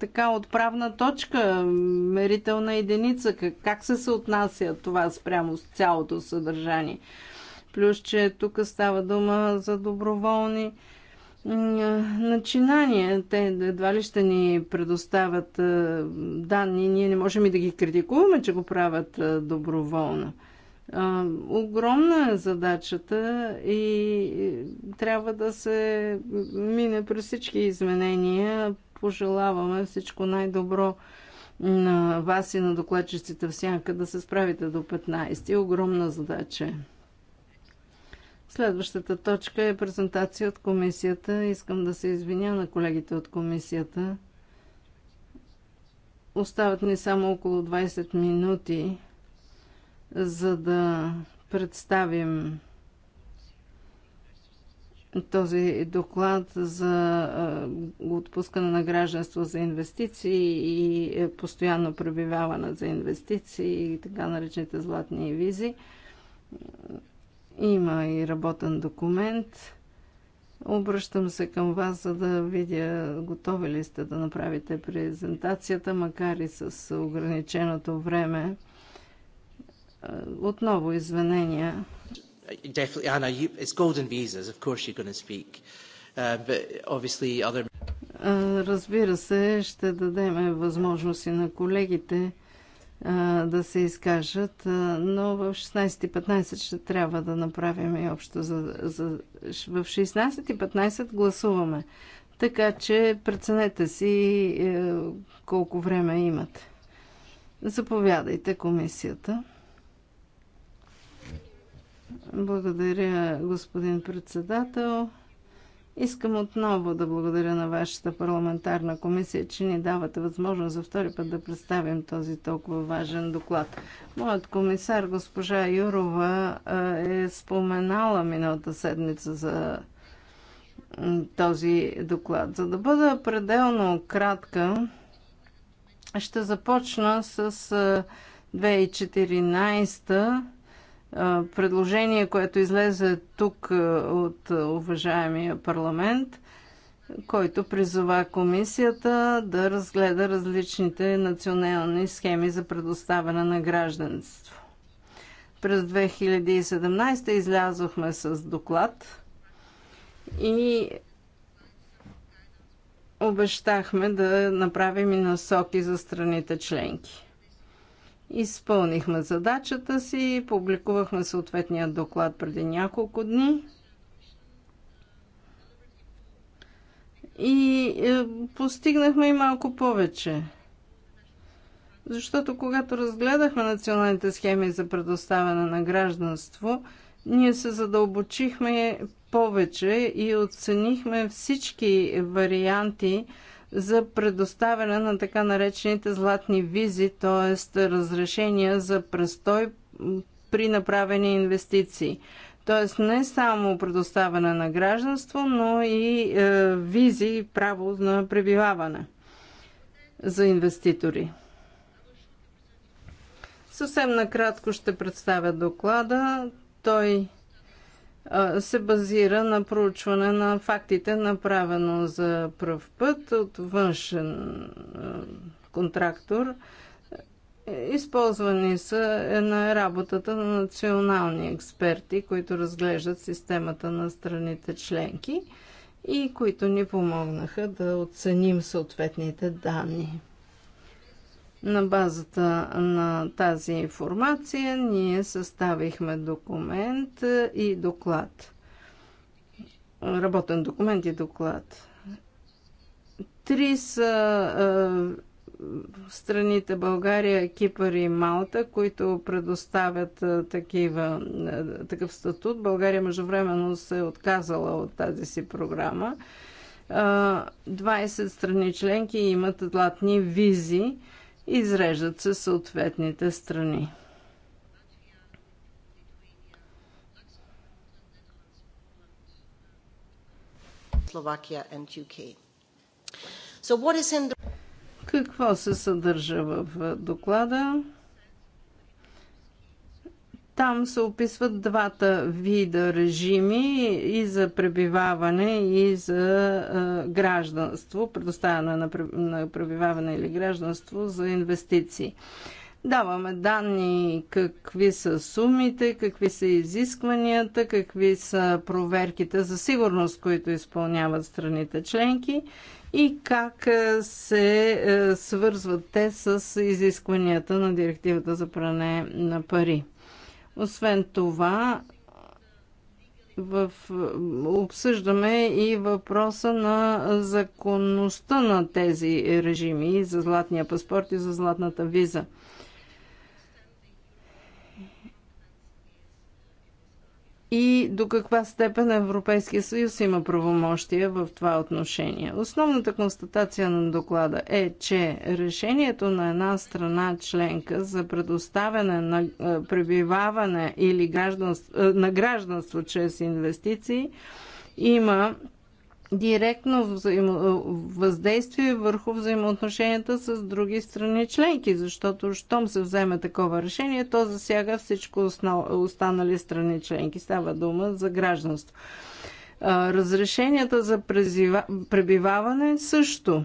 така отправна точка, мерителна единица. Как се се отнася това спрямо с цялото съдържание? Плюс, че тук става дума за доброволни начинания. Те едва ли ще ни предоставят данни. Ние не можем и да ги критикуваме, че го правят доброволно огромна е задачата и трябва да се мине през всички изменения. Пожелаваме всичко най-добро на вас и на докладчиците в сянка да се справите до 15. Огромна задача е. Следващата точка е презентация от комисията. Искам да се извиня на колегите от комисията. Остават ни само около 20 минути за да представим този доклад за отпускане на гражданство за инвестиции и е, постоянно пребиваване за инвестиции и така наречените златни визи. Има и работен документ. Обръщам се към вас, за да видя готови ли сте да направите презентацията, макар и с ограниченото време. Е, отново извинения. Definitely, Anna, you, it's golden visas, of course you're going to speak. Uh, other... Е, разбира се, ще дадем възможности на колегите е, да се изкажат, но в 16.15 ще трябва да направим и общо. За, за, в 16.15 гласуваме. Така че преценете си колко време имате. Заповядайте комисията. Благодаря, господин председател. Искам отново да благодаря на вашата парламентарна комисия, че ни давате възможност за втори път да представим този толкова важен доклад. Моят комисар, госпожа Юрова, е споменала миналата седмица за този доклад. За да бъда пределно кратка, ще започна с 2014 предложение, което излезе тук от уважаемия парламент, който призова комисията да разгледа различните национални схеми за предоставяне на гражданство. През 2017 излязохме с доклад и обещахме да направим и насоки за страните членки. Изпълнихме задачата си, публикувахме съответния доклад преди няколко дни. И е, постигнахме и малко повече. Защото когато разгледахме националните схеми за предоставяне на гражданство, ние се задълбочихме повече и оценихме всички варианти за предоставяне на така наречените златни визи, т.е. разрешения за престой при направени инвестиции. Т.е. не само предоставяне на гражданство, но и е, визи и право на пребиваване за инвеститори. Съвсем накратко ще представя доклада. Той се базира на проучване на фактите, направено за пръв път от външен контрактор. Използвани са е, на работата на национални експерти, които разглеждат системата на страните членки и които ни помогнаха да оценим съответните данни. На базата на тази информация ние съставихме документ и доклад. Работен документ и доклад. Три са е, страните България, Кипър и Малта, които предоставят е, такива, е, такъв статут. България междувременно се е отказала от тази си програма. 20 страни членки имат златни визи изреждат се съответните страни. Какво се съдържа в доклада? Там се описват двата вида режими и за пребиваване, и за гражданство, предоставяне на пребиваване или гражданство за инвестиции. Даваме данни какви са сумите, какви са изискванията, какви са проверките за сигурност, които изпълняват страните членки и как се свързват те с изискванията на директивата за пране на пари. Освен това, в, обсъждаме и въпроса на законността на тези режими за златния паспорт и за златната виза. и до каква степен Европейския съюз има правомощия в това отношение. Основната констатация на доклада е, че решението на една страна членка за предоставяне на е, пребиваване или гражданство, е, на гражданство чрез инвестиции има директно взаимо... въздействие върху взаимоотношенията с други страни членки, защото щом се вземе такова решение, то засяга всичко основ... останали страни членки. Става дума за гражданство. Разрешенията за презива... пребиваване също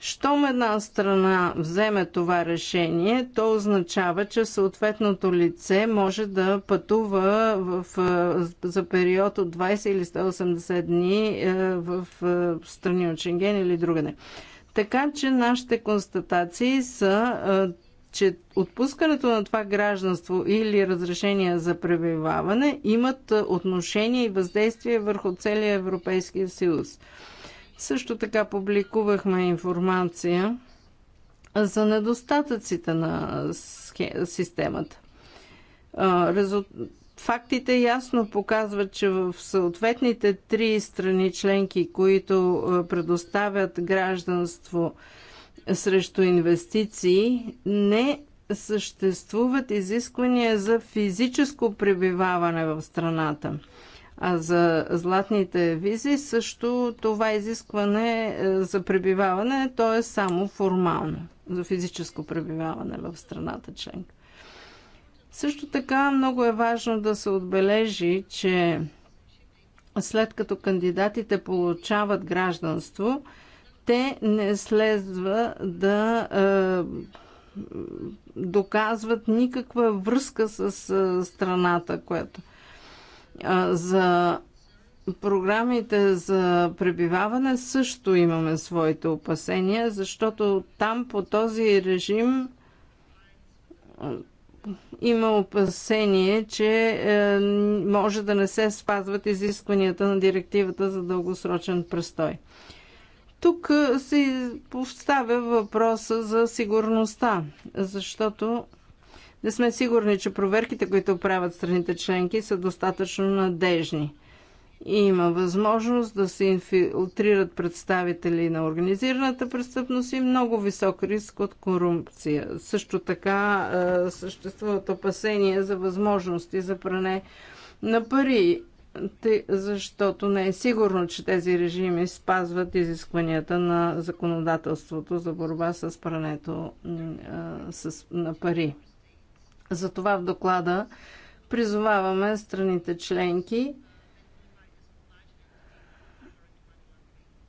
щом една страна вземе това решение, то означава, че съответното лице може да пътува в, за период от 20 или 180 дни в страни от Шенген или другаде. Така че нашите констатации са, че отпускането на това гражданство или разрешение за пребиваване имат отношение и въздействие върху целия Европейския съюз. Също така публикувахме информация за недостатъците на системата. Фактите ясно показват, че в съответните три страни членки, които предоставят гражданство срещу инвестиции, не съществуват изисквания за физическо пребиваване в страната. А за златните визи също това изискване е, за пребиваване, то е само формално, за физическо пребиваване в страната членка. Също така много е важно да се отбележи, че след като кандидатите получават гражданство, те не следва да е, доказват никаква връзка с е, страната, която за програмите за пребиваване също имаме своите опасения, защото там по този режим има опасение, че е, може да не се спазват изискванията на директивата за дългосрочен престой. Тук е, се поставя въпроса за сигурността, защото да сме сигурни, че проверките, които правят страните членки, са достатъчно надежни. И има възможност да се инфилтрират представители на организираната престъпност и много висок риск от корупция. Също така съществуват опасения за възможности за пране на пари, защото не е сигурно, че тези режими спазват изискванията на законодателството за борба с прането на пари. Затова в доклада призоваваме страните членки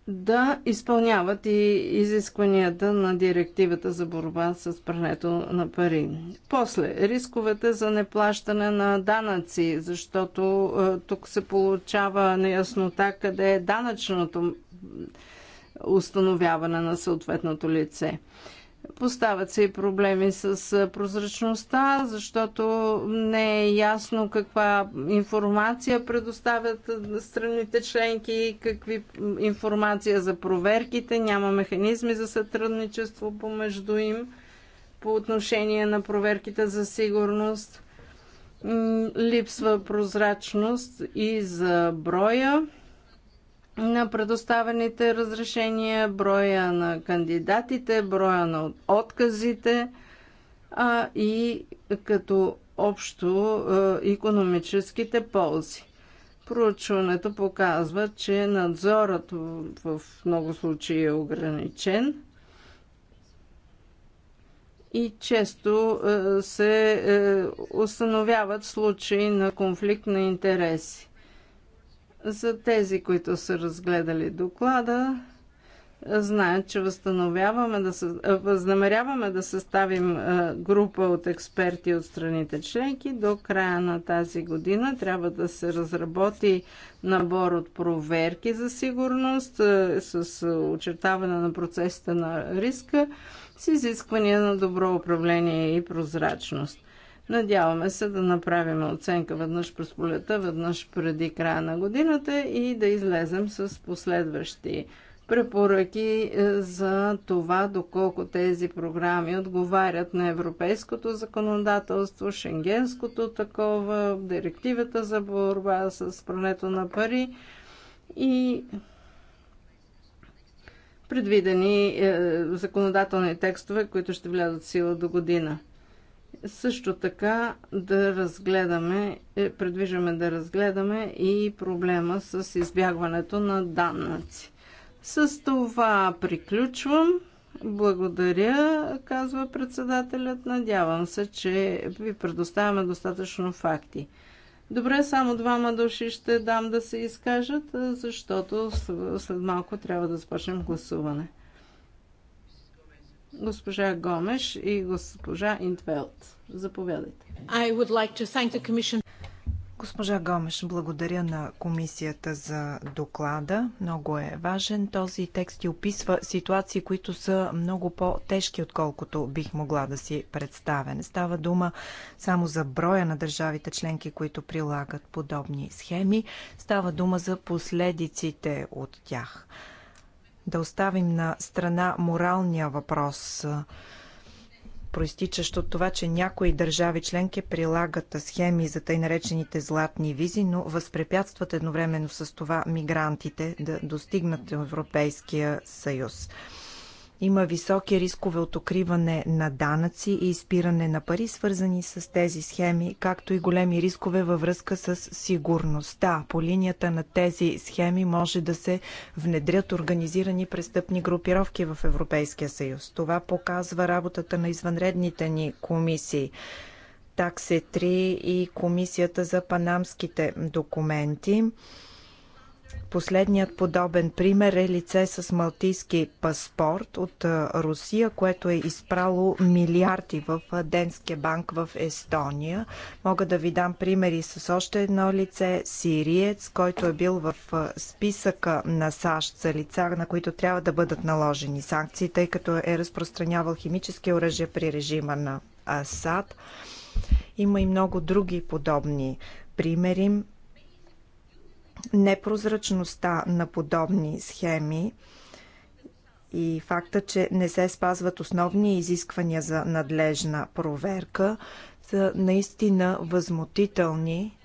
да изпълняват и изискванията на директивата за борба с прането на пари. После, рисковете за неплащане на данъци, защото е, тук се получава неяснота къде е данъчното установяване на съответното лице. Поставят се и проблеми с прозрачността, защото не е ясно каква информация предоставят страните членки, какви информация за проверките, няма механизми за сътрудничество помежду им по отношение на проверките за сигурност. Липсва прозрачност и за броя на предоставените разрешения, броя на кандидатите, броя на отказите а и като общо економическите ползи. Проучването показва, че надзорът в много случаи е ограничен и често се установяват случаи на конфликт на интереси. За тези, които са разгледали доклада, знаят, че възстановяваме да съ... възнамеряваме да съставим група от експерти от страните членки. До края на тази година трябва да се разработи набор от проверки за сигурност с очертаване на процесите на риска с изисквания на добро управление и прозрачност. Надяваме се да направим оценка веднъж през полета, веднъж преди края на годината и да излезем с последващи препоръки е, за това доколко тези програми отговарят на европейското законодателство, шенгенското такова, директивата за борба с прането на пари и предвидени е, законодателни текстове, които ще влязат в сила до година. Също така да разгледаме, е, предвиждаме да разгледаме и проблема с избягването на данъци. С това приключвам. Благодаря, казва председателят. Надявам се, че ви предоставяме достатъчно факти. Добре, само двама души ще дам да се изкажат, защото след малко трябва да започнем гласуване госпожа Гомеш и госпожа Интвелт. Заповядайте. I would like to thank the commission. Госпожа Гомеш, благодаря на комисията за доклада. Много е важен. Този текст и описва ситуации, които са много по-тежки, отколкото бих могла да си представя. Не става дума само за броя на държавите членки, които прилагат подобни схеми. Става дума за последиците от тях да оставим на страна моралния въпрос, проистичащ от това, че някои държави членки прилагат схеми за тъй наречените златни визи, но възпрепятстват едновременно с това мигрантите да достигнат Европейския съюз. Има високи рискове от укриване на данъци и изпиране на пари, свързани с тези схеми, както и големи рискове във връзка с сигурността. По линията на тези схеми може да се внедрят организирани престъпни групировки в Европейския съюз. Това показва работата на извънредните ни комисии. Таксе 3 и Комисията за панамските документи. Последният подобен пример е лице с малтийски паспорт от Русия, което е изпрало милиарди в Денския банк в Естония. Мога да ви дам примери с още едно лице, сириец, който е бил в списъка на САЩ за лица, на които трябва да бъдат наложени санкции, тъй като е разпространявал химически оръжия при режима на Асад. Има и много други подобни примери непрозрачността на подобни схеми и факта, че не се спазват основни изисквания за надлежна проверка, са наистина възмутителни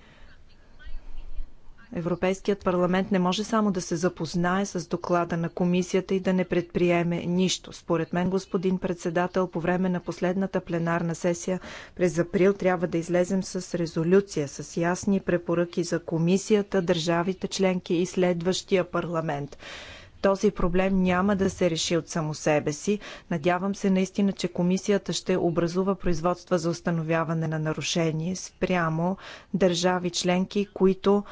Европейският парламент не може само да се запознае с доклада на комисията и да не предприеме нищо. Според мен, господин председател, по време на последната пленарна сесия през април трябва да излезем с резолюция, с ясни препоръки за комисията, държавите членки и следващия парламент този проблем няма да се реши от само себе си. Надявам се наистина, че комисията ще образува производства за установяване на нарушение спрямо държави членки, които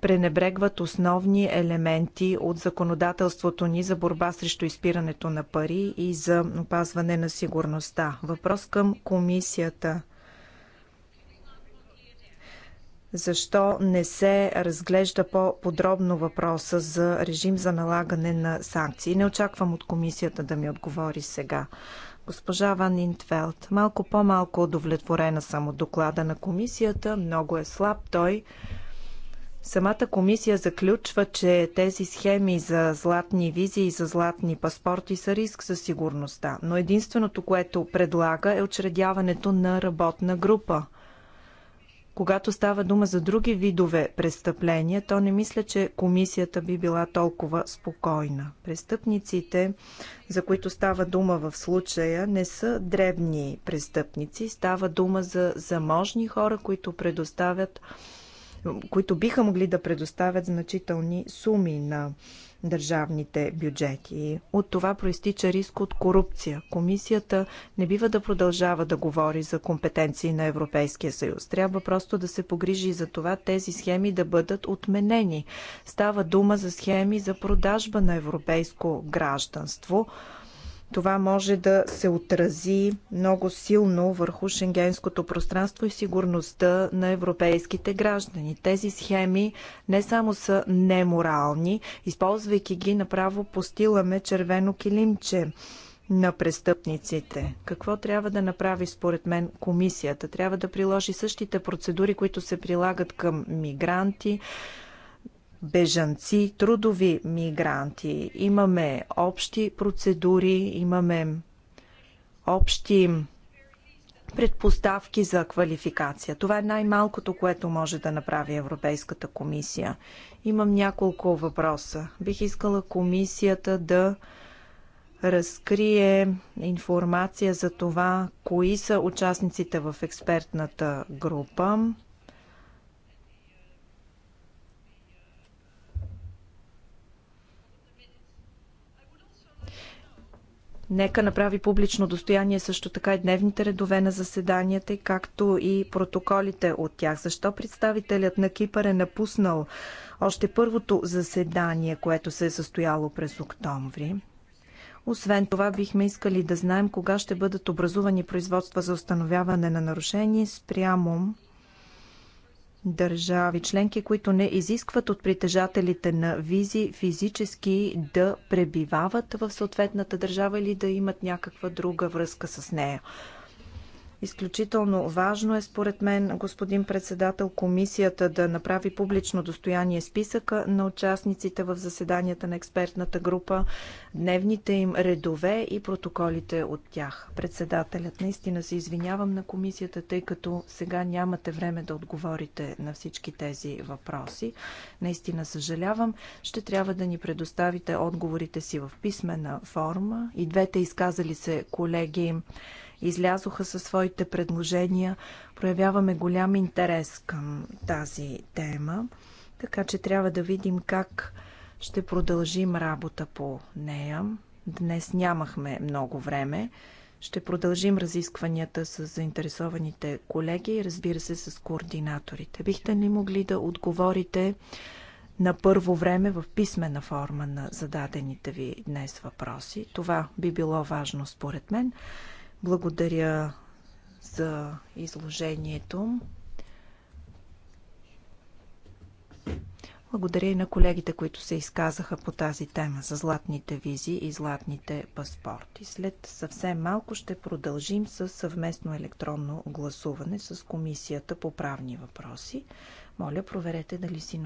пренебрегват основни елементи от законодателството ни за борба срещу изпирането на пари и за опазване на сигурността. Въпрос към комисията. Защо не се разглежда по-подробно въпроса за режим за налагане на санкции? Не очаквам от комисията да ми отговори сега госпожа Ван Интфелд. Малко по-малко удовлетворена съм от доклада на комисията. Много е слаб той. Самата комисия заключва, че тези схеми за златни визи и за златни паспорти са риск за сигурността, но единственото, което предлага е очредяването на работна група. Когато става дума за други видове престъпления, то не мисля, че комисията би била толкова спокойна. Престъпниците, за които става дума в случая, не са дребни престъпници. Става дума за заможни хора, които предоставят които биха могли да предоставят значителни суми на държавните бюджети. От това проистича риск от корупция. Комисията не бива да продължава да говори за компетенции на Европейския съюз. Трябва просто да се погрижи за това тези схеми да бъдат отменени. Става дума за схеми за продажба на европейско гражданство това може да се отрази много силно върху шенгенското пространство и сигурността на европейските граждани. Тези схеми не само са неморални, използвайки ги направо постиламе червено килимче на престъпниците. Какво трябва да направи според мен комисията? Трябва да приложи същите процедури, които се прилагат към мигранти, бежанци, трудови мигранти. Имаме общи процедури, имаме общи предпоставки за квалификация. Това е най-малкото, което може да направи Европейската комисия. Имам няколко въпроса. Бих искала комисията да разкрие информация за това, кои са участниците в експертната група, Нека направи публично достояние също така и дневните редове на заседанията, както и протоколите от тях. Защо представителят на Кипър е напуснал още първото заседание, което се е състояло през октомври? Освен това, бихме искали да знаем кога ще бъдат образувани производства за установяване на нарушение спрямо държави членки, които не изискват от притежателите на визи физически да пребивават в съответната държава или да имат някаква друга връзка с нея. Изключително важно е, според мен, господин председател, комисията да направи публично достояние списъка на участниците в заседанията на експертната група, дневните им редове и протоколите от тях. Председателят, наистина се извинявам на комисията, тъй като сега нямате време да отговорите на всички тези въпроси. Наистина съжалявам. Ще трябва да ни предоставите отговорите си в писмена форма. И двете изказали се колеги излязоха със своите предложения. Проявяваме голям интерес към тази тема, така че трябва да видим как ще продължим работа по нея. Днес нямахме много време. Ще продължим разискванията с заинтересованите колеги и разбира се с координаторите. Бихте ли могли да отговорите на първо време в писмена форма на зададените ви днес въпроси? Това би било важно според мен. Благодаря за изложението. Благодаря и на колегите, които се изказаха по тази тема за златните визи и златните паспорти. След съвсем малко ще продължим с съвместно електронно гласуване с Комисията по правни въпроси. Моля, проверете дали си